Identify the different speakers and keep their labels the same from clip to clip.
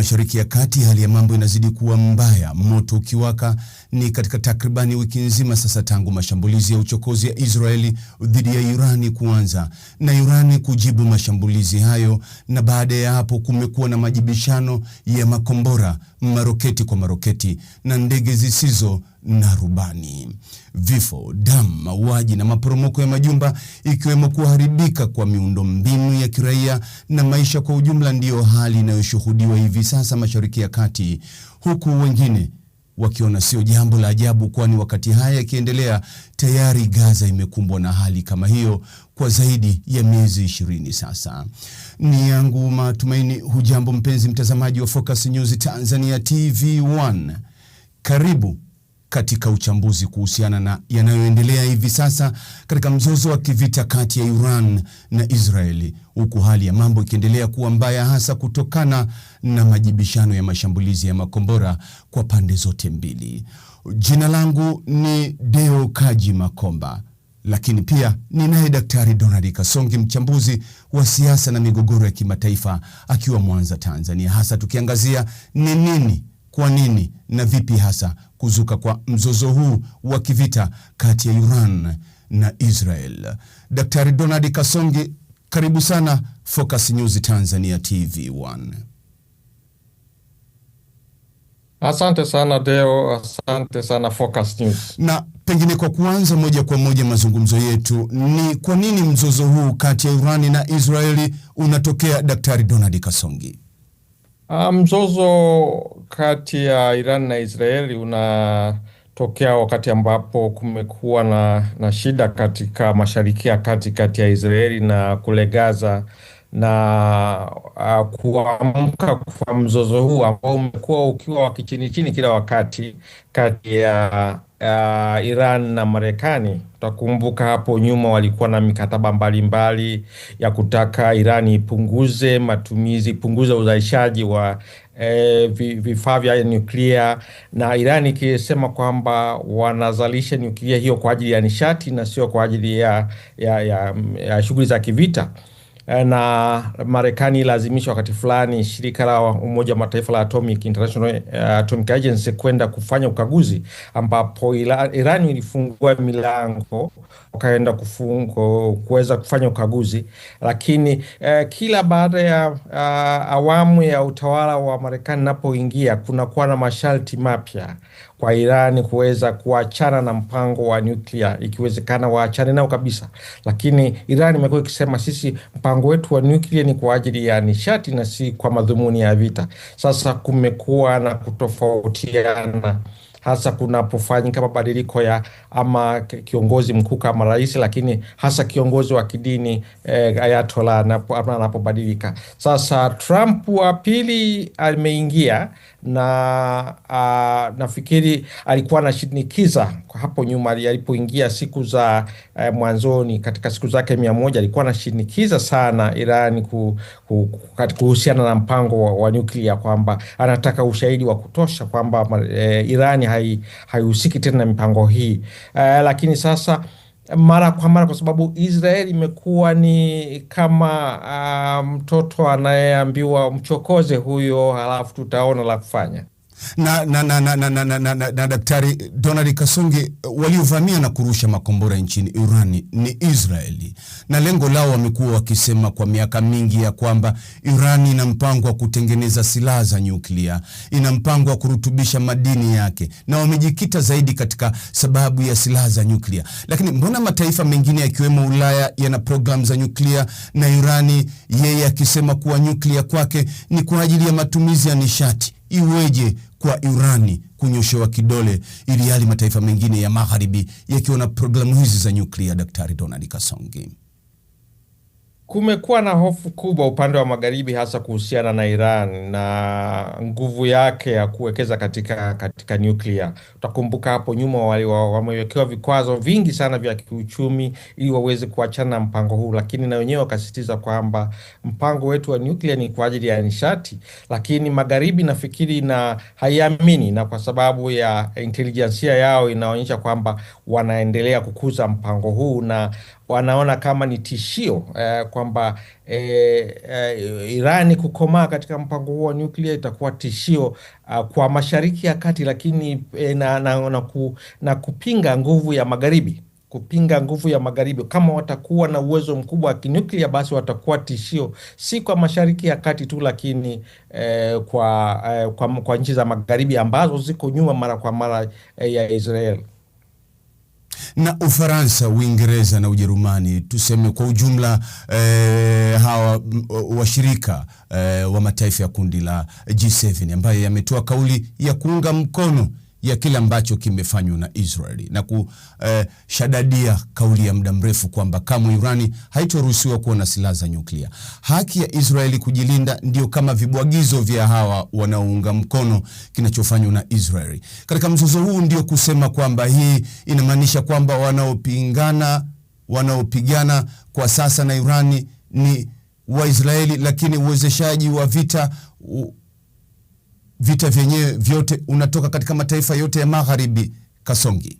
Speaker 1: Mashariki ya Kati hali ya mambo inazidi kuwa mbaya, moto ukiwaka ni katika takribani wiki nzima sasa tangu mashambulizi ya uchokozi ya Israeli dhidi ya Irani kuanza na Irani kujibu mashambulizi hayo, na baada ya hapo kumekuwa na majibishano ya makombora maroketi kwa maroketi na ndege zisizo na rubani. Vifo, damu, mauaji na maporomoko ya majumba, ikiwemo kuharibika kwa miundombinu ya kiraia na maisha kwa ujumla, ndiyo hali inayoshuhudiwa hivi sasa Mashariki ya Kati, huku wengine wakiona sio jambo la ajabu, kwani wakati haya yakiendelea, tayari Gaza imekumbwa na hali kama hiyo, kwa zaidi ya miezi ishirini sasa. Ni yangu matumaini. Hujambo mpenzi mtazamaji wa Focus News Tanzania TV1, karibu katika uchambuzi kuhusiana na yanayoendelea hivi sasa katika mzozo wa kivita kati ya Iran na Israeli, huku hali ya mambo ikiendelea kuwa mbaya, hasa kutokana na majibishano ya mashambulizi ya makombora kwa pande zote mbili. Jina langu ni Deo Kaji Makomba lakini pia ninaye Daktari Donald Kasongi, mchambuzi wa siasa na migogoro ya kimataifa akiwa Mwanza, Tanzania, hasa tukiangazia ni nini, kwa nini na vipi hasa kuzuka kwa mzozo huu wa kivita kati ya Iran na Israel. Daktari Donald Kasongi, karibu sana Focus News Tanzania TV1.
Speaker 2: Asante sana Deo, asante sana Focus News.
Speaker 1: Na pengine kwa kuanza moja kwa moja mazungumzo yetu, ni kwa nini mzozo huu kati ya Irani na Israeli unatokea, Daktari Donald Kasongi?
Speaker 2: Ah, mzozo kati ya Iran na Israeli unatokea wakati ambapo kumekuwa na, na shida katika Mashariki ya Kati kati ya Israeli na kule Gaza na uh, kuamka kwa mzozo huu ambao umekuwa ukiwa wa kichini chini kila wakati kati ya uh, Iran na Marekani. Utakumbuka hapo nyuma walikuwa na mikataba mbalimbali mbali ya kutaka Iran ipunguze matumizi, ipunguze uzalishaji wa eh, vifaa vya nyuklia, na Iran ikisema kwamba wanazalisha nyuklia hiyo kwa ajili ya nishati na sio kwa ajili ya, ya, ya, ya shughuli za kivita. Eh, na Marekani ilazimisha wakati fulani shirika la Umoja wa Mataifa la Atomic, International eh, Atomic Agency kwenda kufanya ukaguzi, ambapo Iran ilifungua milango wakaenda kuweza kufanya ukaguzi, lakini eh, kila baada ya uh, awamu ya utawala wa Marekani napoingia kunakuwa na masharti mapya kwa Iran kuweza kuachana na mpango wa nyuklia, ikiwezekana waachane nao kabisa. Lakini Iran imekuwa ikisema sisi mpango wetu wa nyuklia ni kwa ajili ya nishati na si kwa madhumuni ya vita. Sasa kumekuwa na kutofautiana hasa kunapofanyika mabadiliko ya ama kiongozi mkuu kama rais, lakini hasa kiongozi wa kidini eh, Ayatola anapobadilika. Sasa Trump wa pili ameingia na uh, nafikiri alikuwa anashinikiza hapo nyuma alipoingia siku za uh, mwanzoni katika siku zake mia moja alikuwa anashinikiza sana Iran ku, ku, kuhusiana na mpango wa, wa nyuklia kwamba anataka ushahidi wa kutosha kwamba eh, Irani haihusiki hai tena na mipango hii uh, lakini sasa mara kwa mara kwa sababu Israel imekuwa ni kama uh, mtoto anayeambiwa mchokoze huyo, halafu tutaona la kufanya
Speaker 1: na, na, na, na, na, na, na, na, na Daktari Donald Kasungi eh, waliovamia na kurusha makombora nchini Irani ni Israeli, na lengo lao wamekuwa wakisema kwa miaka mingi ya kwamba Irani ina mpango wa kutengeneza silaha za nyuklia, ina mpango wa kurutubisha madini yake, na wamejikita zaidi katika sababu ya silaha za nyuklia. Lakini mbona mataifa mengine yakiwemo Ulaya yana programu za nyuklia na Irani yeye akisema kuwa nyuklia kwake ni kwa ajili ya matumizi ya nishati iweje kwa Irani kunyoshewa kidole ili hali mataifa mengine ya magharibi yakiwa na programu hizi za nyuklia? Daktari Donald Kasongi.
Speaker 2: Kumekuwa na hofu kubwa upande wa magharibi hasa kuhusiana na Iran na nguvu yake ya kuwekeza katika, katika nyuklia. Utakumbuka hapo nyuma wamewekewa vikwazo vingi sana vya kiuchumi ili waweze kuachana na mpango huu, lakini na wenyewe wakasisitiza kwamba mpango wetu wa nyuklia ni kwa ajili ya nishati, lakini magharibi nafikiri na haiamini, na kwa sababu ya intelijensia yao inaonyesha kwamba wanaendelea kukuza mpango huu na wanaona kama ni tishio eh, kwa kwamba e, e, Irani kukomaa katika mpango huo wa nyuklia itakuwa tishio uh, kwa Mashariki ya Kati, lakini eh, na, na, na, ku, na kupinga nguvu ya magharibi kupinga nguvu ya magharibi. Kama watakuwa na uwezo mkubwa wa kinyuklia, basi watakuwa tishio si kwa Mashariki ya Kati tu, lakini eh, kwa, eh, kwa, kwa nchi za magharibi ambazo ziko nyuma mara kwa mara eh, ya Israel
Speaker 1: na Ufaransa, Uingereza na Ujerumani, tuseme kwa ujumla e, hawa mm, washirika e, wa mataifa ya kundi la G7 ambayo yametoa kauli ya kuunga mkono ya kile ambacho kimefanywa na Israeli na kushadadia eh, kauli ya muda mrefu kwamba kamwe Irani haitoruhusiwa kuwa na silaha za nyuklia. Haki ya Israeli kujilinda ndio kama vibwagizo vya hawa wanaounga mkono kinachofanywa na Israeli katika mzozo huu, ndio kusema kwamba hii inamaanisha kwamba wanaopingana, wanaopigana kwa sasa na Irani ni Waisraeli, lakini uwezeshaji wa vita u, vita vyenyewe vyote unatoka katika mataifa yote ya magharibi Kasongi.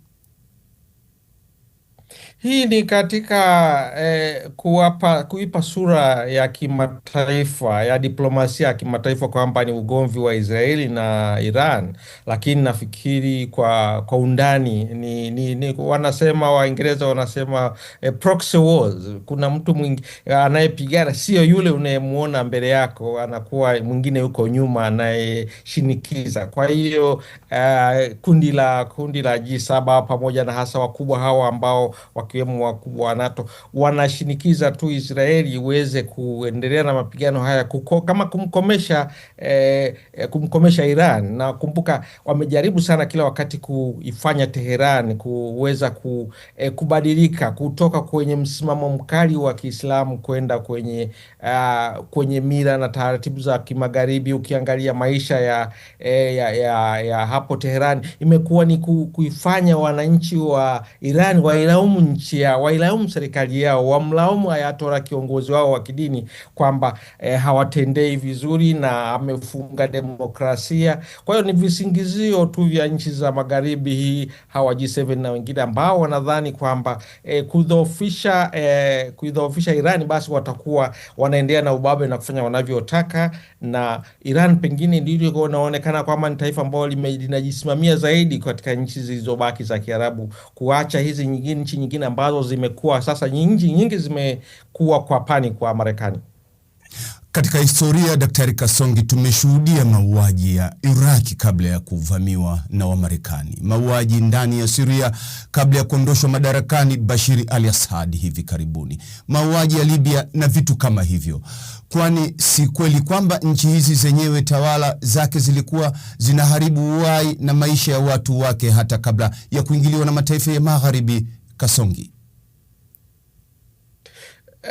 Speaker 2: Hii ni katika eh, kuwapa kuipa sura ya kimataifa ya diplomasia ya kimataifa kwamba ni ugomvi wa Israeli na Iran, lakini nafikiri kwa kwa undani ni, ni, ni wanasema Waingereza wanasema eh, proxy wars. Kuna mtu mwingine anayepigana, sio yule unayemwona mbele yako, anakuwa mwingine yuko nyuma anayeshinikiza. Kwa hiyo eh, kundi la kundi la G7 pamoja na hasa wakubwa hawa ambao wakiwemo wakubwa wa NATO wanashinikiza tu Israeli iweze kuendelea na mapigano haya kuko, kama kumkomesha eh, eh, kumkomesha Iran. Na kumbuka wamejaribu sana kila wakati kuifanya Teheran kuweza ku, eh, kubadilika kutoka kwenye msimamo mkali wa Kiislamu kwenda kwenye uh, kwenye mila na taratibu za kimagharibi. Ukiangalia maisha ya, eh, ya, ya, ya hapo Teheran imekuwa ni ku, kuifanya wananchi wa Iran wailaumu nchi ya wailaumu serikali yao, wamlaumu Ayatola kiongozi wao wa kidini kwamba eh, hawatendei vizuri na amefunga demokrasia. Kwa hiyo ni visingizio tu vya nchi za magharibi hii hawa G7 na wengine ambao wanadhani kwamba eh, kudhoofisha eh, kuidhoofisha Iran basi watakuwa wanaendelea na ubabe na kufanya wanavyotaka, na Iran pengine ndilo inaonekana kwamba ni taifa ambalo linajisimamia zaidi katika nchi zilizobaki za Kiarabu kuacha hizi nyingine nchi nyingine ambazo zimekuwa sasa, nyingi nyingi zimekuwa kwa pani kwa Marekani.
Speaker 1: Katika historia, Daktari Kasongi, tumeshuhudia mauaji ya Iraki kabla ya kuvamiwa na Wamarekani, mauaji ndani ya Syria kabla ya kuondoshwa madarakani Bashir al-Assad hivi karibuni, mauaji ya Libya na vitu kama hivyo. Kwani si kweli kwamba nchi hizi zenyewe tawala zake zilikuwa zinaharibu uhai na maisha ya watu wake hata kabla ya kuingiliwa na mataifa ya Magharibi Kasongi?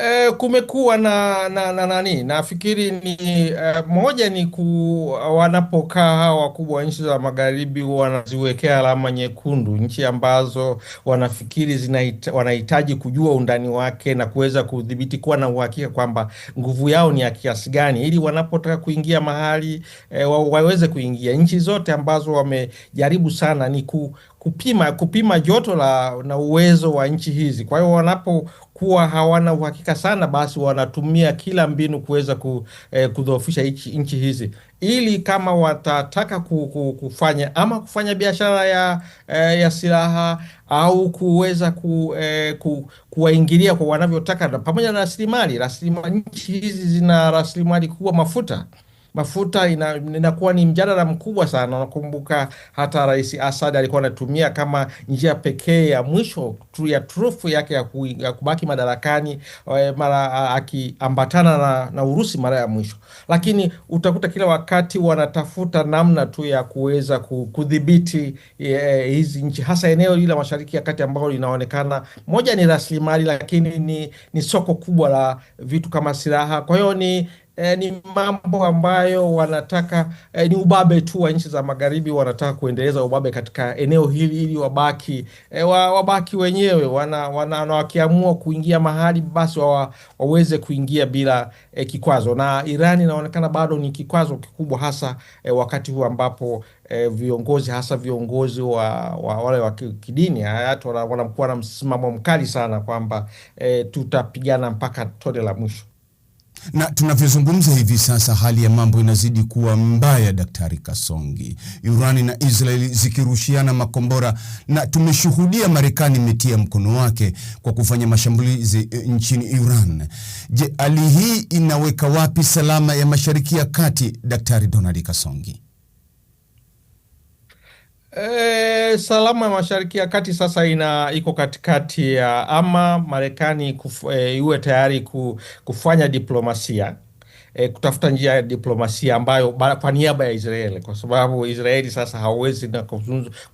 Speaker 2: E, kumekuwa na na na nani, nafikiri ni e, moja ni ku wanapokaa hawa wakubwa wa nchi za magharibi wanaziwekea alama nyekundu nchi ambazo wanafikiri zinaita, wanahitaji kujua undani wake na kuweza kudhibiti, kuwa na uhakika kwamba nguvu yao ni ya kiasi gani, ili wanapotaka kuingia mahali e, wa, waweze kuingia. Nchi zote ambazo wamejaribu sana ni ku, kupima kupima joto la na uwezo wa nchi hizi. Kwa hiyo wanapokuwa hawana uhakika sana, basi wanatumia kila mbinu kuweza ku, eh, kudhoofisha nchi hizi, ili kama watataka kufanya ama kufanya biashara ya, eh, ya silaha au kuweza ku, eh, ku, kuwaingilia kwa wanavyotaka, pamoja na rasilimali rasilimali. Nchi hizi zina rasilimali kubwa, mafuta mafuta ina, inakuwa ni mjadala mkubwa sana. Nakumbuka hata Rais Asad alikuwa anatumia kama njia pekee ya mwisho tu ya trufu yake ya, ku, ya kubaki madarakani eh, mara akiambatana na, na Urusi mara ya mwisho, lakini utakuta kila wakati wanatafuta namna tu ya kuweza kudhibiti eh, hizi e, nchi hasa eneo hili la Mashariki ya Kati ambalo linaonekana moja ni rasilimali, lakini ni, ni soko kubwa la vitu kama silaha. Kwa hiyo ni eh, ni mambo ambayo wanataka eh, ni ubabe tu wa nchi za magharibi, wanataka kuendeleza ubabe katika eneo hili ili wabaki eh, wabaki wenyewe wana, wana, na wakiamua kuingia mahali basi wa, waweze kuingia bila eh, kikwazo, na Irani inaonekana bado ni kikwazo kikubwa hasa eh, wakati huu ambapo E, viongozi hasa viongozi wa, wa wale wa kidini hayat wanakuwa na msimamo mkali sana kwamba e, tutapigana mpaka tone la mwisho.
Speaker 1: Na tunavyozungumza hivi sasa, hali ya mambo inazidi kuwa mbaya, Daktari Kasongi. Irani na Israeli zikirushiana makombora na tumeshuhudia Marekani imetia mkono wake kwa kufanya mashambulizi eh, nchini Iran. Je, hali hii inaweka wapi salama ya Mashariki ya Kati, Daktari Donald Kasongi?
Speaker 2: E, salama ya Mashariki ya Kati sasa ina iko katikati ya ama Marekani kuf, e, eh, iwe tayari kufanya diplomasia E, kutafuta njia ya diplomasia ambayo kwa niaba ya Israeli, kwa sababu Israeli sasa hawezi na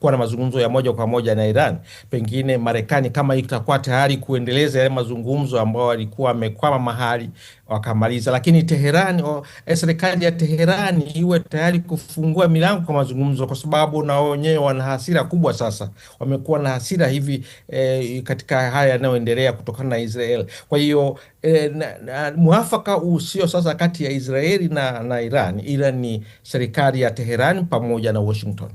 Speaker 2: kuwa na mazungumzo ya moja kwa moja na Iran. Pengine Marekani kama itakuwa tayari kuendeleza yale mazungumzo ambayo alikuwa amekwama mahali wakamaliza, lakini Teherani, eh, serikali ya Teherani iwe tayari kufungua milango kwa mazungumzo, kwa sababu na wenyewe wana hasira kubwa. Sasa wamekuwa na hasira hivi eh, katika haya yanayoendelea kutokana na Israel. Kwa hiyo eh, muafaka usio sasa kati ya Israeli na, na Iran ila ni serikali ya Teherani pamoja na Washington.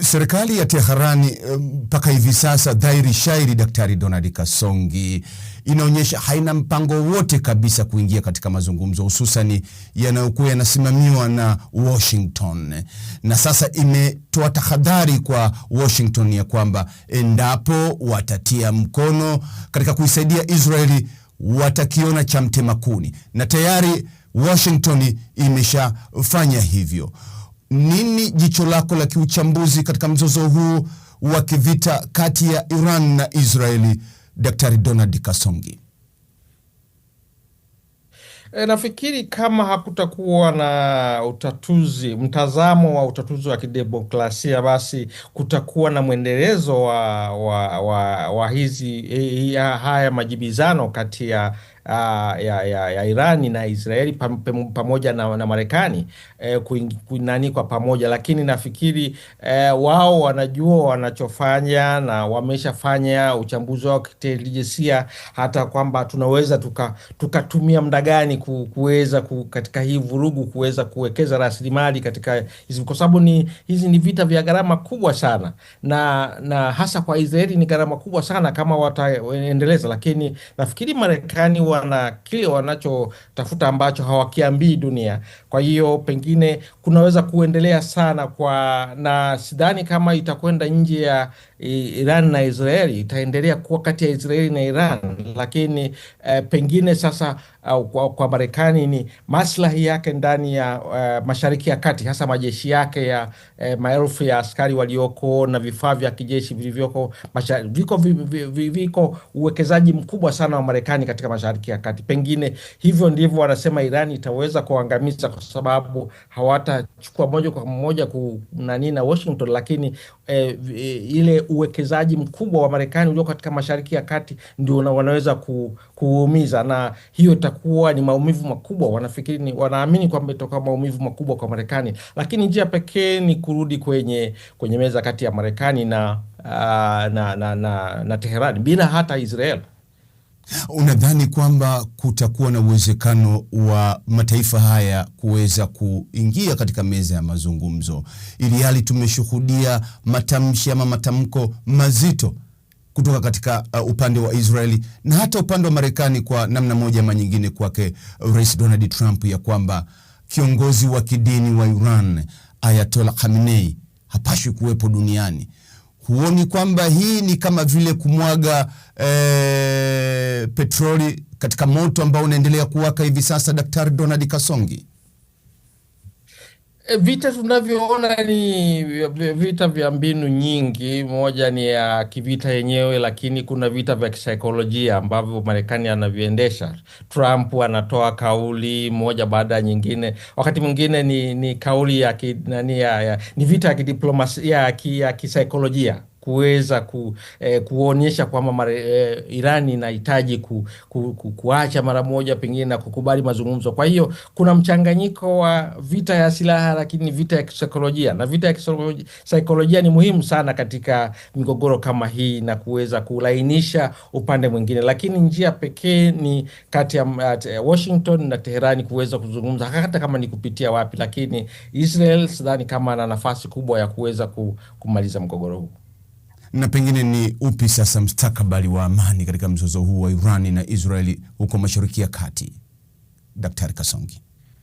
Speaker 1: Serikali ya Teherani eh, mpaka hivi sasa dhairi shairi Daktari Donald Kasongi inaonyesha haina mpango wote kabisa kuingia katika mazungumzo hususani yanayokuwa yanasimamiwa na Washington. Na sasa imetoa tahadhari kwa Washington ya kwamba endapo watatia mkono katika kuisaidia Israeli watakiona cha mtemakuni, na tayari Washington imeshafanya hivyo. Nini jicho lako la kiuchambuzi katika mzozo huu wa kivita kati ya Iran na Israeli? Daktari Donald Kasongi?
Speaker 2: E, nafikiri kama hakutakuwa na utatuzi, mtazamo wa utatuzi wa kidemokrasia, basi kutakuwa na mwendelezo wa, wa, wa, wa hizi haya majibizano kati ya uh, ya, ya, ya Irani na Israeli pam, pam, pamoja na, na Marekani eh, nani kwa pamoja, lakini nafikiri eh, wao wanajua wanachofanya na wameshafanya uchambuzi wao kitelijesia hata kwamba tunaweza tukatumia tuka muda gani kuweza ku, katika hii vurugu kuweza kuwekeza rasilimali katika hizi, kwa sababu ni hizi ni vita vya gharama kubwa sana na, na hasa kwa Israeli ni gharama kubwa sana kama wataendeleza, lakini nafikiri Marekani wa na kile wanachotafuta ambacho hawakiambii dunia. Kwa hiyo pengine kunaweza kuendelea sana kwa, na sidhani kama itakwenda nje ya Iran na Israeli itaendelea kuwa kati ya Israeli na Iran, lakini eh, pengine sasa uh, kwa, kwa Marekani ni maslahi yake ndani ya uh, Mashariki ya Kati, hasa majeshi yake ya eh, maelfu ya askari walioko na vifaa vya kijeshi vilivyoko viko, viko uwekezaji mkubwa sana wa Marekani katika Mashariki ya Kati. Pengine hivyo ndivyo wanasema Iran itaweza kuangamiza, kwa sababu hawatachukua moja kwa moja kunani na Washington, lakini eh, ile uwekezaji mkubwa wa Marekani ulio katika Mashariki ya Kati ndio wanaweza ku, kuumiza, na hiyo itakuwa ni maumivu makubwa. Wanafikiri, wanaamini kwamba itakuwa maumivu makubwa kwa Marekani, lakini njia pekee ni kurudi kwenye kwenye meza kati ya Marekani na, uh, na, na, na, na Teherani bila hata Israel.
Speaker 1: Unadhani kwamba kutakuwa na uwezekano wa mataifa haya kuweza kuingia katika meza ya mazungumzo, ili hali tumeshuhudia matamshi ama matamko mazito kutoka katika uh, upande wa Israeli na hata upande wa Marekani kwa namna moja ama nyingine, kwake Rais Donald Trump ya kwamba kiongozi wa kidini wa Iran Ayatollah Khamenei hapashwi kuwepo duniani. Huoni kwamba hii ni kama vile kumwaga e, petroli katika moto ambao unaendelea kuwaka hivi sasa, Daktari Donald Kasongi?
Speaker 2: Eh, vita tunavyoona ni vita vya mbinu nyingi. Moja ni ya kivita yenyewe, lakini kuna vita vya kisaikolojia ambavyo Marekani anaviendesha. Trump anatoa kauli moja baada ya nyingine, wakati mwingine ni, ni kauli ya, ki, nani ya, ya, ni vita ya kidiplomasia ya kisaikolojia kuweza ku, eh, kuonyesha kwamba eh, Iran inahitaji ku, ku, ku, kuacha mara moja pengine na kukubali mazungumzo. Kwa hiyo kuna mchanganyiko wa vita ya silaha, lakini vita ya kisaikolojia, na vita ya kisaikolojia ni muhimu sana katika migogoro kama hii na kuweza kulainisha upande mwingine, lakini njia pekee ni kati ya eh, Washington na Teherani kuweza kuzungumza hata kama ni kupitia wapi, lakini Israel sidhani kama ana nafasi kubwa ya kuweza kumaliza mgogoro huu
Speaker 1: na pengine ni upi sasa mstakabali wa amani katika mzozo huu wa Irani na Israeli huko Mashariki ya Kati, Daktari Kasongi?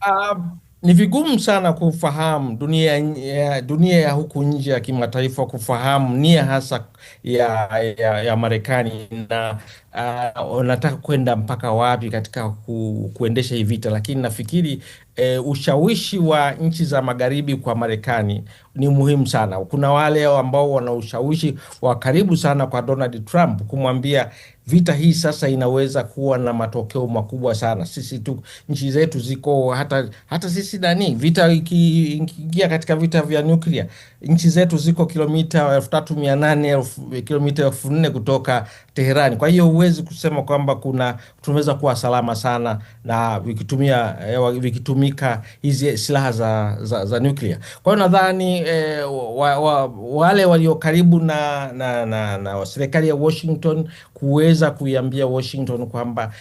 Speaker 2: Uh, ni vigumu sana kufahamu dunia, eh, dunia ya huku nje ya kimataifa kufahamu nia hasa ya, ya, ya Marekani na uh, kwenda mpaka wapi katika ku, kuendesha hii vita, lakini nafikiri eh, ushawishi wa nchi za magharibi kwa Marekani ni muhimu sana. Kuna wale ambao wana ushawishi wa karibu sana kwa Donald Trump kumwambia vita hii sasa inaweza kuwa na matokeo makubwa sana. Sisi tu nchi zetu ziko hata, hata sisi nani vita ikiingia katika vita vya nuklia nchi zetu ziko kilomita elfu tatu mia nane kilomita elfu nne kutoka Teherani. Kwa hiyo huwezi kusema kwamba kuna tunaweza kuwa salama sana na vikitumia eh, vikitumika hizi silaha za, za, za nuklia. Kwa hiyo nadhani eh, wa, wa, wale walio karibu na, na, na, na serikali ya Washington kuweza kuiambia Washington kwamba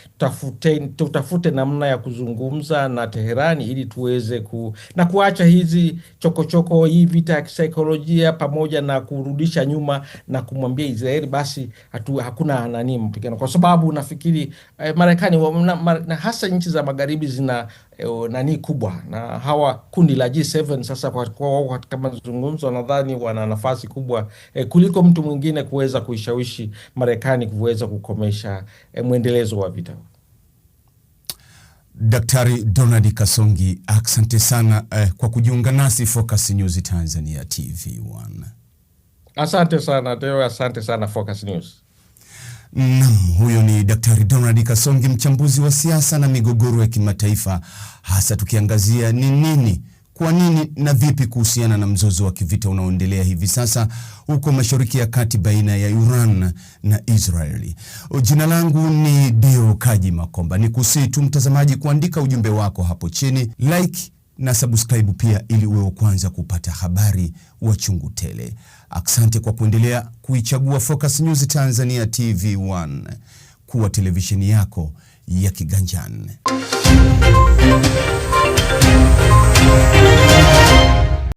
Speaker 2: tutafute namna ya kuzungumza na Teherani ili tuweze ku, na kuacha hizi chokochoko choko, hii vita ya kisaikolojia pamoja na kurudisha nyuma na kumwambia Israeli basi hatu, hakuna nani mpigano, kwa sababu nafikiri eh, Marekani na, ma, na hasa nchi za magharibi zina eh, nani kubwa na hawa kundi la G7 sasa kwa, wao katika mazungumzo nadhani wana nafasi kubwa eh, kuliko mtu mwingine kuweza kuishawishi Marekani kuweza kukomesha eh, mwendelezo wa vita.
Speaker 1: Daktari Donald Kasongi, asante sana eh, kwa kujiunga nasi Focus News Tanzania TV1.
Speaker 2: Asante sana Deo, asante sana Focus News.
Speaker 1: Nam, huyo ni Daktari Donald Kasongi, mchambuzi wa siasa na migogoro ya kimataifa, hasa tukiangazia ni nini, kwa nini na vipi kuhusiana na mzozo wa kivita unaoendelea hivi sasa huko Mashariki ya Kati baina ya Iran na Israeli. Jina langu ni Deo Kaji Makomba, ni kusii tu mtazamaji kuandika ujumbe wako hapo chini, like na subscribe pia, ili uwe wa kwanza kupata habari wa chungu tele. Asante kwa kuendelea kuichagua Focus News Tanzania TV1 kuwa televisheni yako ya kiganjani.